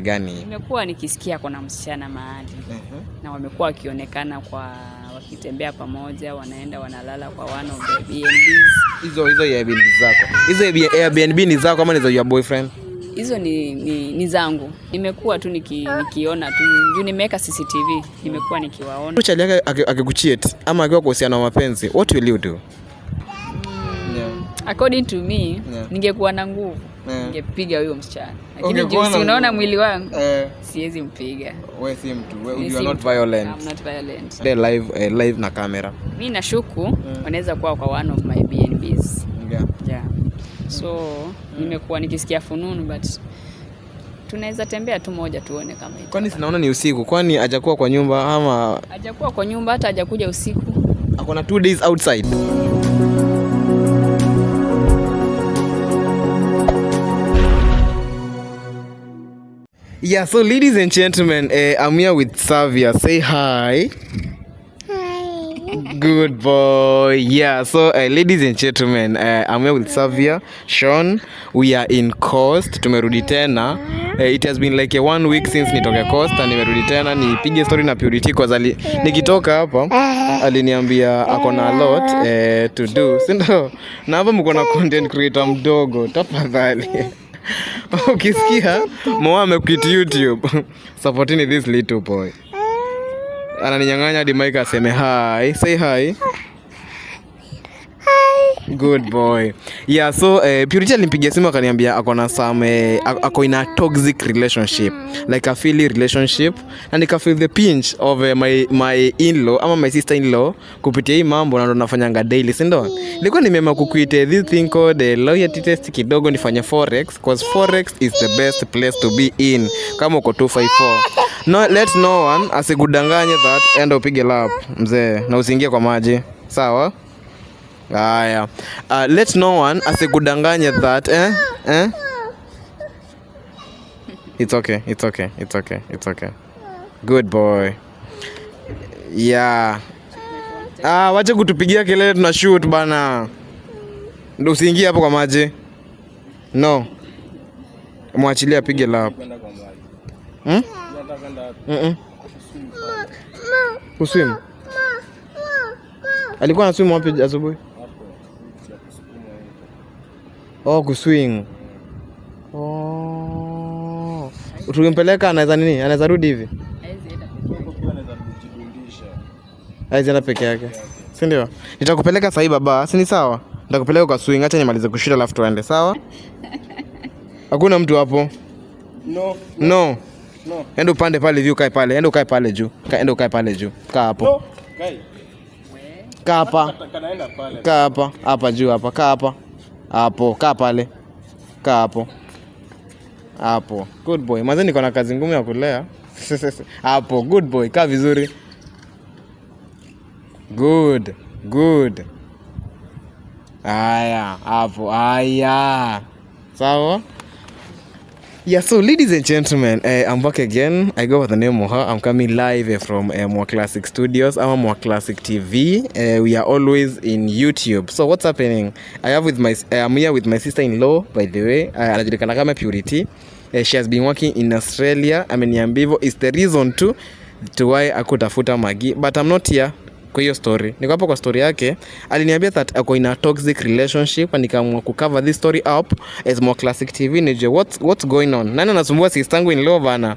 gani? Nimekuwa nikisikia kuna msichana mahali uh mhm. -huh. na wamekuwa wakionekana kwa wakitembea pamoja, wanaenda wanalala kwa one of the BNBs. Hizo hizo Airbnb zako hizo Airbnb ni zako ama ni za your boyfriend? Hizo ni, ni, ni zangu. Nimekuwa tu niki, nikiona tu juu nimeweka CCTV, nimekuwa nikiwaona. Chali yake akikucheat ama akiwa kwa uhusiano wa mapenzi, what will you do? Mm. According to me, yeah. ningekuwa na nguvu Eh. ningepiga huyo msichana, lakini okay, jinsi unaona mwili wangu eh, siwezi mpiga. we si mtu, we, you are not violent. I'm not violent. They live, eh, live na kamera. Mimi nashuku mm. wanaweza kuwa kwa one of my BNBs. Yeah. Yeah. Mm. So mm. nimekuwa nikisikia fununu but tunaweza tembea tu moja tuone kama hiyo. Kwani sinaona ni usiku? Kwani hajakuwa kwa nyumba ama hajakuwa kwa nyumba hata hajakuja usiku. Akona two days outside. mm. Yeah, so ladies and gentlemen, uh, I'm here with Savia. Say hi. Hi. Good boy. Yeah, so uh, ladies and gentlemen, uh, I'm here with Savia, Sean. We are in Coast. Tumerudi tena. Uh, it has been like a one week since nitoke Coast na nimerudi tena nipige story na Purity cause ali, nikitoka hapa ah. aliniambia ako a lot uh, to do. Sindo? Na hapa mko content creator mdogo. Tafadhali. ukisikia moame kit youtube supportini this little boy eh. ananinyang'anya dimaika aseme hai say hai, hai. Good boy. Yeah, so uh, Purity alimpigia simu akaniambia ako na some uh, ako in a toxic relationship. Mm. Like a feel relationship and nika feel the pinch of uh, my my in-law ama my sister in-law kupitia hii mambo na ndo nafanyanga daily, si ndio? Mm. Nilikuwa nimeamua kuquit this thing called uh, loyalty test kidogo nifanye forex because forex is the best place to be in kama uko 254. No, let no one asikudanganye that, enda upige lap mzee, na usiingie kwa maji. Sawa? Haya. Uh, let no one asikudanganye that eh? Eh? It's okay. It's okay. It's okay. It's okay. Good boy. Yeah. Ah, wacha kutupigia kelele tuna shoot bana. Ndio usiingie hapo kwa maji. No. Mwachilia apige lap. Hmm? Mm. -mm. Kuswim. Alikuwa anaswim wapi asubuhi? Oh, kuswing. Oh. Tukimpeleka anaweza nini? Anaweza rudi hivi? aizi enda peke yake. Si ndio? Nitakupeleka sahi baba, si ni sawa? Nitakupeleka kwa swing, acha nimalize kushuta alafu tuende, sawa? Hakuna mtu hapo. No. No. No. Enda upande pale hivi ukae pale. Enda ukae pale juu. Enda ukae pale juu. Kaa hapo. No. Kaa hapa. Kaa hapa. Hapa juu hapa. Kaa hapa hapo, kaa pale, kaa hapo hapo. Good boy, mwanzo niko na kazi ngumu ya kulea hapo. Good boy, kaa vizuri. Good, good. Aya hapo, aya sawa. Yeah, so ladies and gentlemen, uh, I'm back again. I go by the name Moha. I'm coming live eh, from uh, eh, More Classic Studios. I'm More Classic TV. Uh, we are always in YouTube. So what's happening? I have with my uh, I'm here with my sister-in-law by the way. Uh, anajulikana Purity. Uh, she has been working in Australia. I mean, Yambivo is the reason too to why i akutafuta Magi, but I'm not here kwa hiyo story. Niko hapo kwa story yake, aliniambia that ako in a toxic relationship and nikaamua cover this story up as More Classic TV. Nije what's, what's going on? Nani anasumbua sistangu in love ana?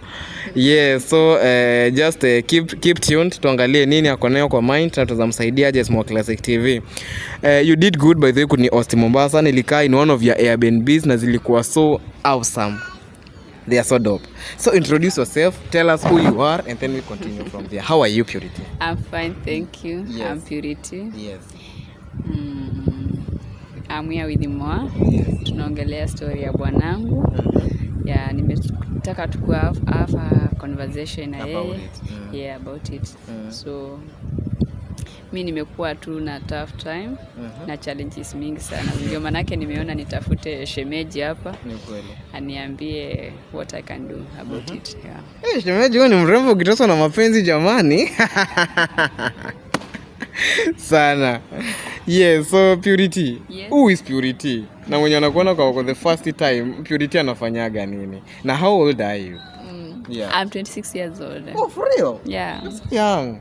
Yeah, so uh, just uh, keep, keep tuned tuangalie nini ako nayo kwa mind na tutamsaidiaje as More Classic TV. Uh, eh, you did good by the way, kuni Osti Mombasa, nilikaa in one of your Airbnbs na zilikuwa so awesome they are so dope. So introduce yourself, tell us who you are, and then we continue from there. How are you, Purity? I'm fine, thank you. Yes. I'm Purity. Yes. Mm, I'm here with Moa. Yes. Tunaongelea story ya bwanangu. Mm-hmm. Yeah, nimetaka tukua have a conversation na yeye. Yeah. yeah, about it. Mm. So mi nimekuwa tu na tough time uh-huh. na challenges mingi sana ndio maanake nimeona nitafute shemeji hapa aniambie what I can do about uh-huh. it yeah. hey, eh, shemeji huyo ni mrembo ukitoswa na mapenzi jamani sana yeah so purity yes. who is purity na mwenye anakuona kwa the first time purity anafanyaga nini na how old are you mm. yeah. I'm 26 years old oh, for real? yeah. That's young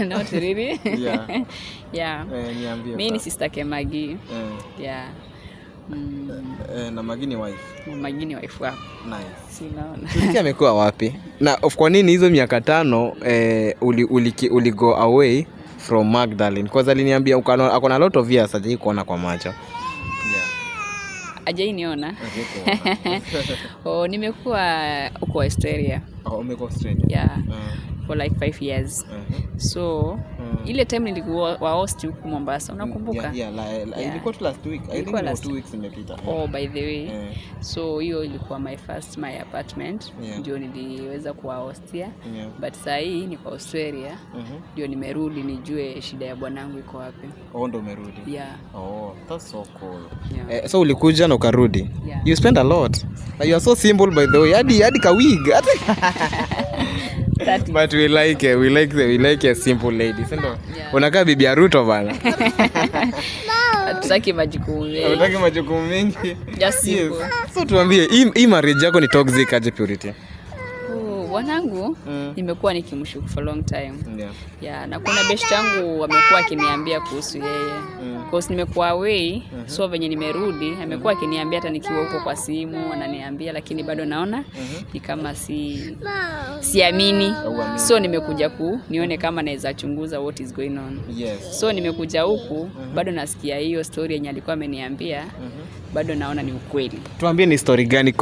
not really yeah, yeah. Eh, niambie mimi ni sister Kemagi eh. yeah Mm. Nice. amekuwa wapi? Na kwa nini hizo miaka tano eh, uli, uli, uli go away from Magdalene? Kwa sababu aliniambia uko na lot of years kuona kwa macho. Yeah. Ajai niona. Oh, nimekuwa huko Australia. Oh, for like five years uh-huh. so uh-huh. ile time nilikuwa host huku Mombasa unakumbuka? yeah, yeah, la, la, yeah. ilikuwa tu last week I ilikuwa think last... two weeks imepita. Yeah. Oh, by the way yeah. so hiyo ilikuwa my first my apartment yeah. ndio niliweza kuwa hostia yeah. but saa hii ni kwa Australia uh-huh. ndio uh-huh. nimerudi nijue shida ya bwanangu iko wapi. Oh, ndo umerudi? Yeah. Oh, that's so cool. Yeah. Eh, so ulikuja na ukarudi? Yeah. You spend a lot. like You are so simple by the way. Hadi hadi kawig. But we like We like the, we like a simple lady. Sio? Yeah. Unakaa bibi Aruto bana. Hatutaki majukumu mengi. Hatutaki majukumu mengi. Just simple. Yes. So tuambie, hii marriage yako ni toxic aje Purity? bwanangu mm. nimekuwa nikimshuku for long time yeah. Yeah, na kuna best yangu wamekuwa akiniambia kuhusu yeye mm. cause nimekuwa away mm -hmm. so venye nimerudi amekuwa mm-hmm. akiniambia hata nikiwa huko kwa simu ananiambia, lakini bado naona mm -hmm. ni kama si siamini, so nimekuja ku nione kama naweza chunguza what is going on yes. so nimekuja huku mm -hmm. bado nasikia hiyo story yenye alikuwa ameniambia mm -hmm bado naona ni ukweli. Tuambie ni story gani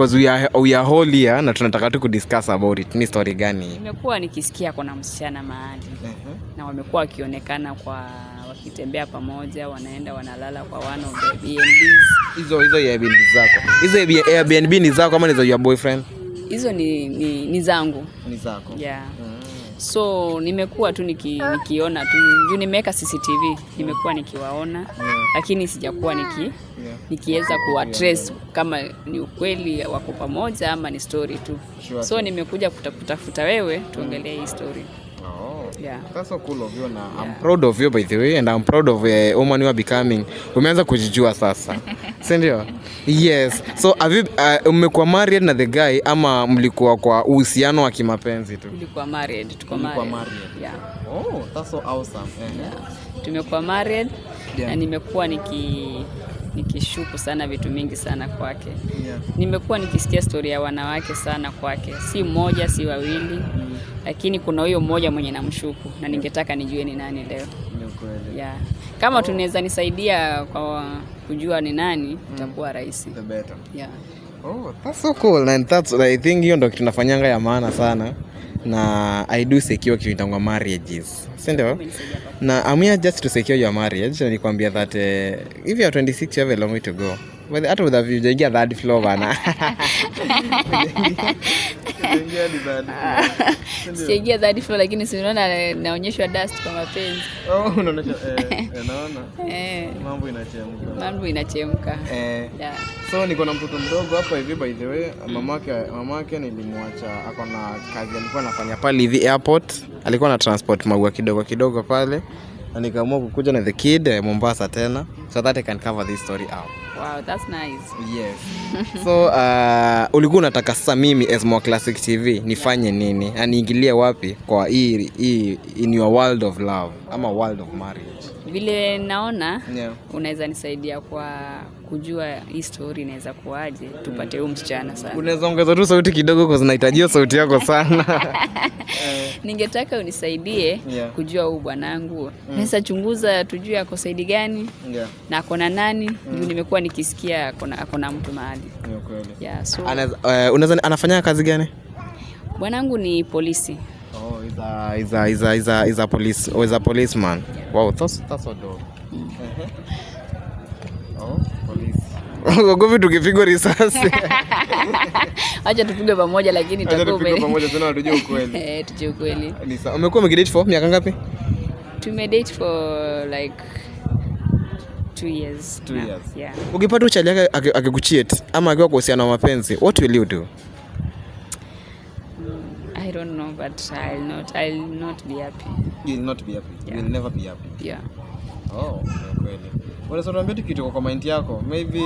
uyaholia na tunataka tu kudiscuss about it. Ni story gani? Nimekuwa nikisikia kuna msichana mahali uh-huh. na wamekuwa wakionekana kwa wakitembea pamoja, wanaenda wanalala kwa one of the Hizo hizo Airbnb zako, hizo Airbnb ni zako ama ni za your boyfriend? Hizo ni, ni, ni zangu. Ni zako. Yeah. Mm so nimekuwa tu niki, nikiona tu juu nimeweka CCTV, nimekuwa nikiwaona yeah. Lakini sijakuwa niki, yeah. nikiweza kuwa yeah, yeah. kama ni ukweli wako pamoja ama ni story tu sure. So nimekuja kutafuta wewe tuongelee hii story. Yeah. That's so cool of you now yeah. I'm proud of you by the way and I'm proud of uh, woman you are becoming. Umeanza kujijua sasa. Si ndio? Yes. So have you uh, umekuwa married na the guy ama mlikuwa kwa uhusiano wa kimapenzi tu? Tulikuwa married, tuko married. married. Yeah. Oh, that's so awesome. Yeah. yeah. Tumekuwa married yeah. na nimekuwa niki nikishuku sana vitu mingi sana kwake yeah. Nimekuwa nikisikia stori ya wanawake sana kwake, si mmoja si wawili mm. Lakini kuna huyo mmoja mwenye namshuku na ningetaka nijue ni nani leo yeah. Kama oh. tunaweza nisaidia kwa kujua ni nani mm. itakuwa mm. rahisi Yeah. Oh, that's so cool. And that's, I think hiyo ndio kitu nafanyanga ya maana sana na I do secure kitu marriages, sindio Na I'm here just to secure your marriage, na nikwambia that eh, if you are 26 you have a long way to go, hata ujaingia third floor bana sijaingia the ah, flow, lakini si unaona naonyeshwa dust kwa mapenzi. Oh, unaona eh, eh, naona eh, mambo inachemka, mambo inachemka eh. So niko na mtoto mdogo hapa hivi, by the way, mama mamake nilimwacha, akona kazi alikuwa anafanya pale hivi airport, alikuwa na transport maua kidogo kidogo pale na nikaamua kukuja na the kid eh, Mombasa tena so that I can cover this story up. Wow, that's nice. Yes. so uh, ulikuwa unataka sasa mimi as more Classic TV nifanye nini? Aniingilie wapi kwa hii in your world of love ama world of marriage? vile naona yeah. Unaweza nisaidia kwa kujua hii story inaweza kuwaje, tupate huu msichana sana. Unaweza ongeza tu sauti kidogo, kwa zinahitajia sauti yako sana ningetaka unisaidie yeah. kujua huu bwanangu mm. Naweza chunguza tujue ako saidi gani yeah. na ako na nani mm. Juu nimekuwa nikisikia ako na mtu mahali yeah, so. uh, anafanya kazi gani? Bwanangu ni polisi. Oh, he's a he's a he's a he's a, he's a police oh, he's a policeman. Yeah. Wow, that's that's a dog. Mm. Oh, tukipigwa risasi. Acha tupigwe pamoja lakini pamoja tena tujue ukweli. Eh, tujue ukweli. Ah, Lisa, umekuwa for miaka ngapi? Tumedate for like two years. Two years. Yeah. Ukipata uchali akikucheat ama akiwa kuhusiana mapenzi, what will you do? but I'll not, I'll not be happy. You'll not be happy. Yeah. You'll never be happy. Yeah. Oh, okay, kweli. Unasonambia tukitoka kwa mind yako, maybe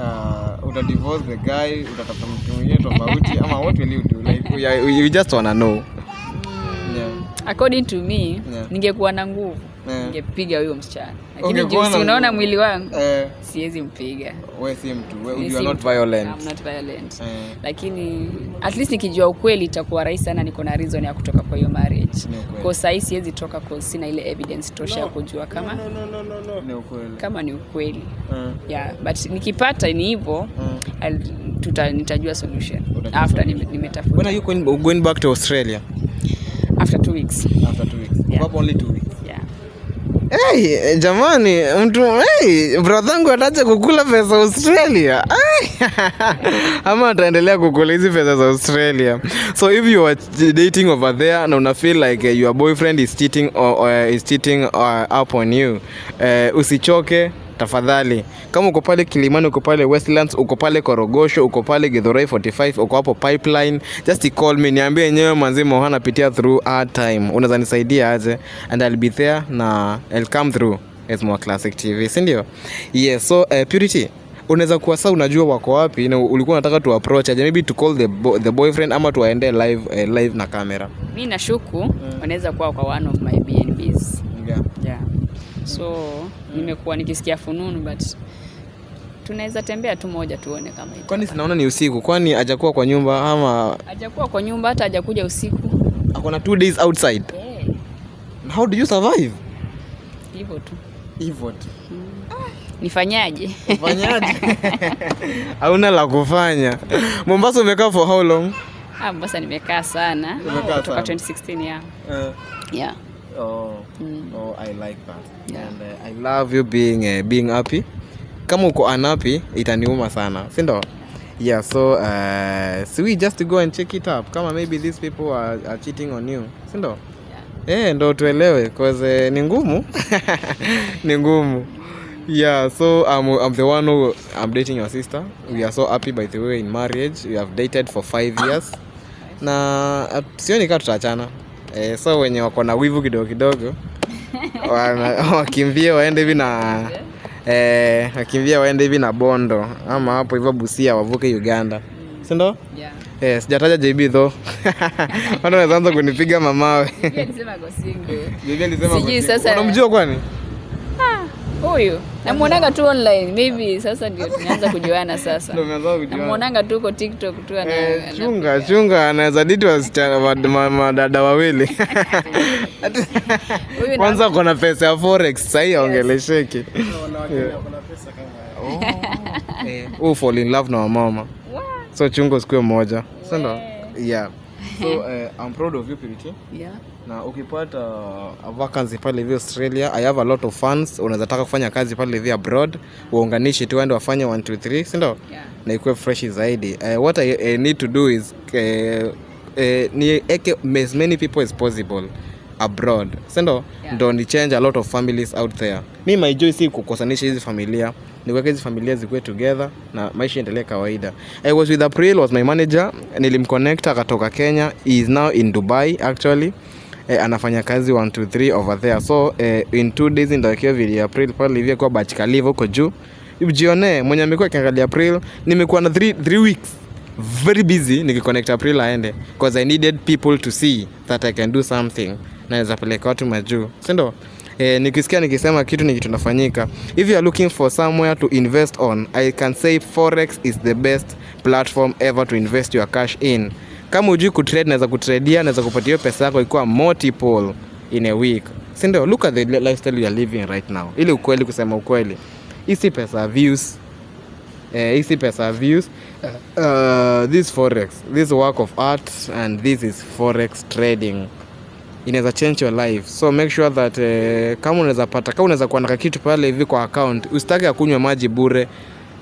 uh, uta divorce the guy, utatafuta mtu mwingine tofauti ama what will you do? Like we, we just wanna know. Hmm. yeah. According to me, yeah. ningekuwa na nguvu Eh. ningepiga huyo msichana, lakini okay, jinsi unaona mwili wangu eh, siwezi mpiga. Wewe si mtu, wewe are not violent. I'm not violent. Eh. Lakini at least nikijua ukweli itakuwa rahisi sana, niko na reason ya kutoka kwa hiyo marriage. Kwa sasa hivi siwezi toka kwa sina ile evidence tosha ya kujua kama no, no, no, no, no. Ni ukweli. Kama ni ukweli. Eh. Yeah, but nikipata ni hivyo mm. tuta nitajua solution after nimetafuta. When are you going, going back to Australia? After two weeks. After two weeks. Yeah. Only two weeks. Hey, jamani mtu hey, bradhangu ataacha kukula pesa Australia ama ataendelea kukula hizi pesa za Australia. So if you are dating over there na una feel like uh, your boyfriend is cheating is cheating uh, up on you uh, usichoke tafadhali, kama uko pale Kilimani, uko pale Westlands, uko pale Korogosho, uko pale Githurai 45, uko hapo Pipeline, just call me, niambie yenyewe manzi Moha napitia through our time, unaweza nisaidia aje? And I'll be there na I'll come through as more Classic TV, si ndio? Yes, so uh, Purity unaweza kuwa saa unajua wako wapi na ulikuwa unataka tu approach aje maybe to call the, bo the boyfriend ama tuwaende live, uh, live na kamera. Mimi nashuku wanaweza mm. kuwa kwa one of my BNBs. Yeah. Yeah so nimekuwa nikisikia fununu but tunaweza tembea tu moja tuone kama itakuwa. Kwani sinaona ni usiku, kwani hajakuwa kwa nyumba ama hajakuwa kwa nyumba, hata hajakuja usiku, ako na two days outside yeah. How do you survive? Hivyo tu hivyo tu hmm. Nifanyaje? Fanyaje? hauna la kufanya. Mombasa umekaa for how long? Ah, Mombasa nimekaa sana kutoka 2016 yeah. Uh. Yeah. Oh, mm. oh, I like that. Yeah. And, uh, I love you being uh, being happy. Kama uko unhappy itaniuma sana, si ndio? Yeah, so uh, so we just to go and check it up kama maybe these people are, are cheating on you, si ndio? Yeah. Eh, ndo tuelewe cause uh, ni ngumu. ni ngumu. Yeah, so I'm, I'm the one who I'm dating your sister. We are so happy by the way in marriage. We have dated for five years. Na uh, sioni kama tutachana eh, so wenye wako na wivu kidogo kidogo wakimbia waende hivi na eh, wakimbia waende hivi na Bondo ama hapo hivyo Busia wavuke Uganda, mm. si ndo? Yeah. Eh, sijataja JB tho watu wanaanza kunipiga mamawe. JB unamjua kwani huyu namwonaga tu online maybe sasa ndio tunaanza kujuana sasa namwonaga tu uko tiktok tu ana, eh, ana chunga chunga anaweza diti madada wawili kwanza kuna pesa ya forex sahii aongelesheki huu oh. eh, fall in love na wamama so chungo sikuwe moja sindo yeah so uh, i'm proud of you piriti yeah na ukipata uh, vacancy pale hivi Australia, I have a lot of fans. Unaweza taka kufanya kazi pale hivi abroad, uunganishe tu waende wafanye 1 2 3, si ndio? Yeah. Na ikuwe fresh zaidi. Uh, what I, I eh, need to do is uh, uh, ni eke as many people as possible abroad, si ndio? Yeah. Ndo ni change a lot of families out there. Mi my joy si kukosanisha hizi familia niweke hizi familia zikuwe together na maisha endelee kawaida. I was with April was my manager, nilimconnect akatoka Kenya, he is now in Dubai actually eh, anafanya kazi 1 2 3 over there, so eh, in 2 days ndio kio vile April pale hivi kwa batch kalivo huko juu, ujione mwenye amekuwa kiangalia April. Nimekuwa na 3 3 weeks very busy nikiconnect April aende because I needed people to see that I can do something, naweza peleka watu majuu, si ndio? Eh, nikisikia nikisema kitu ni kitu nafanyika. If you are looking for somewhere to invest on, I can say forex is the best platform ever to invest your cash in. Kama hujui kutrade, naweza kutradia, naweza kupatia hiyo pesa yako ikiwa multiple in a week, si ndio? Look at the lifestyle you are living right now. Ili ukweli, kusema ukweli, isi pesa views eh, isi pesa views. Uh, this forex, this work of art and this is forex trading inaweza change your life, so make sure that uh, kama unaweza pata, kama unaweza kuandika kitu pale hivi kwa account, usitaki akunywa maji bure,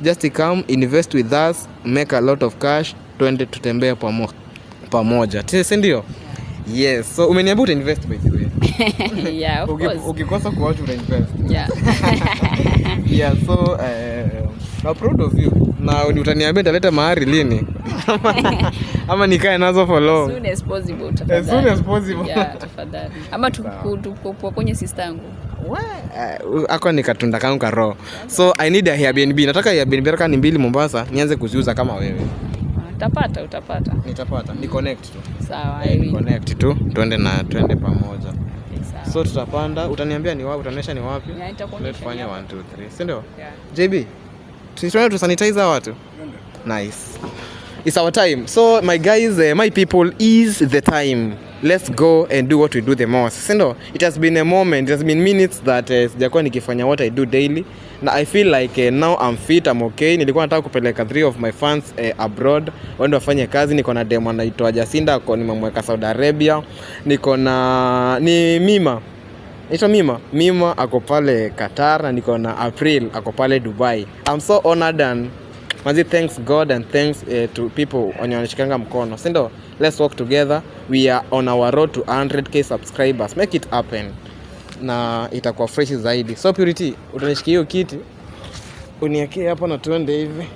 just come invest with us, make a lot of cash, twende tutembee pamoja pamoja, si ndio? Yes, so umeniambia uta invest by the way. Yeah, of course. Ukikosa kuacha uta invest. Yeah. Yeah, so uh, eh, I'm proud of you. Na utaniambia nitaleta mahari lini? Ama nikae nazo for long. As soon as possible tafadhali. As soon as possible. Yeah, tafadhali. Ama tukupo kwenye sister yangu. Uh, ako ni katunda kangu karo. So I need a Airbnb. Nataka Airbnb ni mbili Mombasa nianze kuziuza kama wewe. Utapata, utapata. Nitapata. Ni connect tu. Sawa. hey, eh, ni connect tu. Twende na twende pamoja. Sawa. So tutapanda, utaniambia ni wapi, utanionyesha ni wapi. Tufanye 1 2 3. Si ndio? JB. Tusione tu sanitize watu. Nice. It's our time. So my guys, uh, my people is the time let's go and do what we do the most sindo it has been a moment it has been minutes that uh, sijakuwa nikifanya what i do daily na i feel like uh, now i'm fit i'm okay nilikuwa nataka kupeleka three of my fans uh, abroad wende wafanye kazi niko na demo anaitwa jasinda ko nimemweka saudi arabia niko na ni mima ito Mima. Mima ako pale Qatar na niko na April ako pale Dubai. I'm so honored and mazi, thanks God and thanks eh, to people wenye wanashikanga mkono, sindo let's work together, we are on our road to 100k subscribers, make it happen na itakuwa fresh zaidi. So Purity, utanishikia hiyo kiti uniekee hapa na tuende hivi,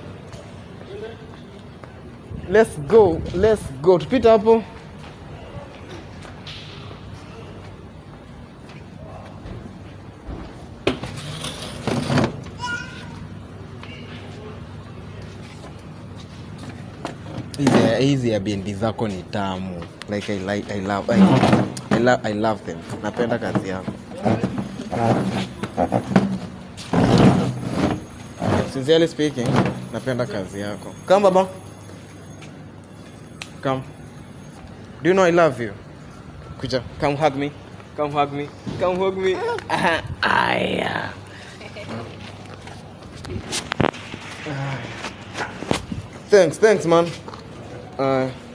let's go, let's go, tupita hapo. hizi ya bendi zako ni tamu like I, like, I, love, I, I, love, I love them. Napenda kazi yako sincerely speaking, napenda kazi yako. Come baba, come. Do you know I love you? Kuja, come hug me, come hug me, come hug me. Aya. Thanks, thanks man. uh,